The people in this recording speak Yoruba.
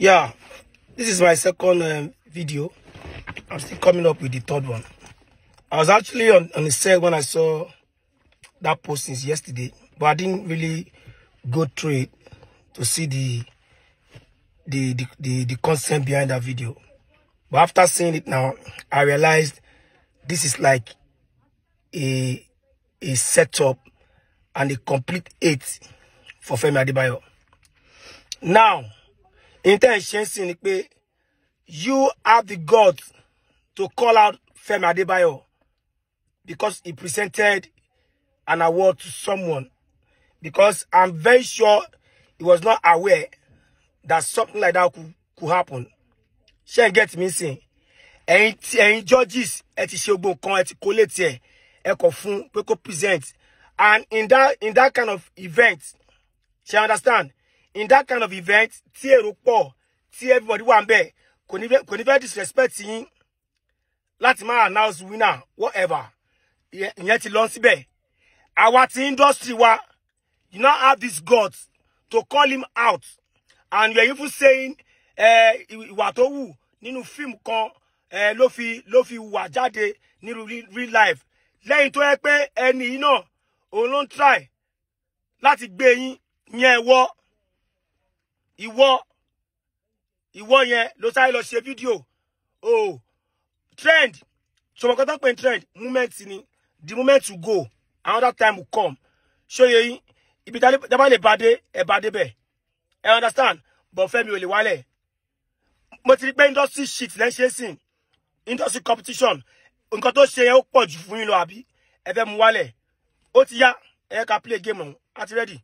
yeah this is my second um, video i'm still coming up with the third one i was actually on, on the set when i saw that post since yesterday but i didn't really go through it to see the the the, the, the concept behind that video but after seeing it now i realized this is like a a setup and a complete eight for Femi Adebayo. Now, intention sì ni pé you have the guts to call out Femi Adebayo because he presented an award to someone because I'm very sure he was not aware that something like that could, could happen. She get me saying, and ẹ̀yin judges ẹ ti ṣe gbogbo nǹkan ẹ ti collate ẹ ẹ kọ fún pé present and in that in that kind of event she understand in that kind of event tí èrò pọ̀ everybody wan be, koni kò ní fẹ́ disrespect yín láti máa announce winner whatever ìyẹn ti lọ be, our ti industry wa you now have this guts to call him out and you are even saying eh, tó wù nínú film kon, eh, lofi lofi fi wà jáde real life lẹ́yìn tó yẹ pé ẹni yìí náà òun ló try láti gbé yín yẹn wọ́ ìwọ ìwọ yẹn ló sáré lọ ṣe fídíò o trend ṣọmọkọ tó ń pè ní trend moment ni the moment to go another time will come ṣóye yín ibi dábàá lè bá dé ẹ bá dé bẹ ẹ understand but Fẹ́mi ò lè wálẹ̀ mo ti rí pé industry shit lẹ́ ń ṣe sìn industry competition nǹkan tó ṣe yẹn ó pọ̀ jù fún yín lọ àbí ẹ fẹ́ mu wálẹ̀ ó ti yá ẹ ká play game ọ̀hún àti ready.